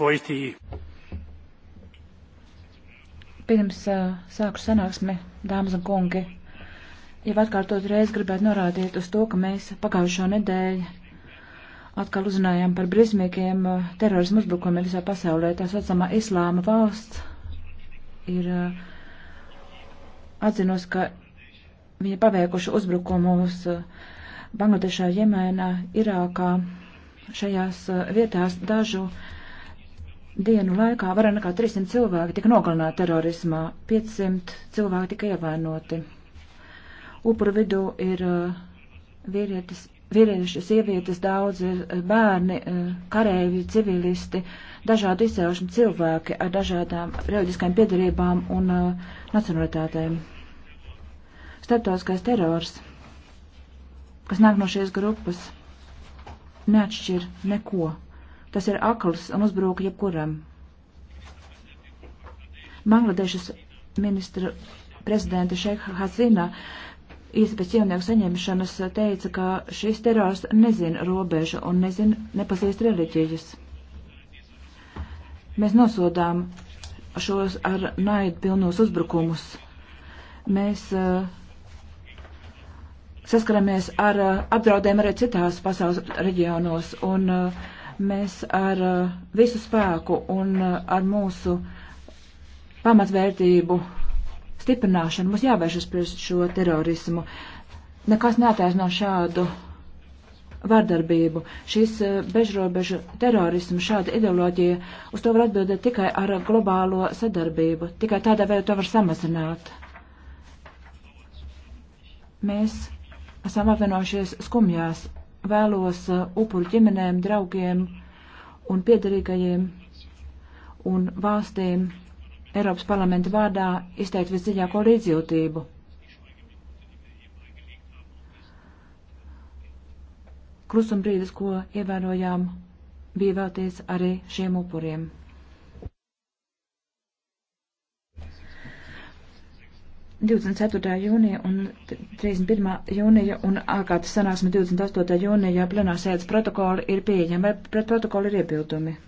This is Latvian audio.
Voitī. Pirms uh, sāku sanāksmi, dāmas un kungi, jau atkārtot reizi gribētu norādīt uz to, ka mēs pagājušo nedēļu atkal uzzinājām par brismīgiem uh, terorismu uzbrukumiem visā pasaulē. Tā saucamā islāma valsts ir uh, atzinos, ka viņi paveikuši uzbrukumus Bangladešā, Jemēnā, Irākā, šajās vietās dažu uh, dienu laikā vairāk nekā 300 cilvēki tika nogalināti terorismā, 500 cilvēki tika ievainoti. Upuru vidū ir uh, vīrietis, vīrieši, sievietes, daudzi uh, bērni, uh, karēji, civilisti, dažādi izcēlušana cilvēki ar dažādām reliģiskajām piedarībām un uh, nacionalitātēm. Starptautiskais terors, kas nāk no šīs grupas, neatšķir neko Tas ir akls un uzbrūk jebkuram. Bangladešas ministra prezidenta Šeikha Hazina īsi pēc ienieku saņemšanas teica, ka šis terors nezina robežu un nezina, nepazīst reliģijas. Mēs nosodām šos ar naidu pilnos uzbrukumus. Mēs uh, saskaramies ar uh, apdraudēm arī citās pasaules reģionos. Un, uh, mēs ar uh, visu spēku un uh, ar mūsu pamatvērtību stiprināšanu mums jāvēršas pret šo terorismu. Nekas neataisno šādu vardarbību. Šis uh, bežrobežu terorismu, šāda ideoloģija, uz to var atbildēt tikai ar globālo sadarbību. Tikai tādā veidā to var samazināt. Mēs esam apvienojušies skumjās vēlos uh, upuru ģimenēm, draugiem un piedarīgajiem un valstīm Eiropas parlamenta vārdā izteikt visdziļāko līdzjūtību. Klusumbrīdis, ko ievērojām, bija veltīts arī šiem upuriem. 24. jūnija un 31. jūnija un ārkārtas sanāksme 28. jūnijā plenārsēdes protokoli ir pieejami, vai pret protokoli ir iebildumi?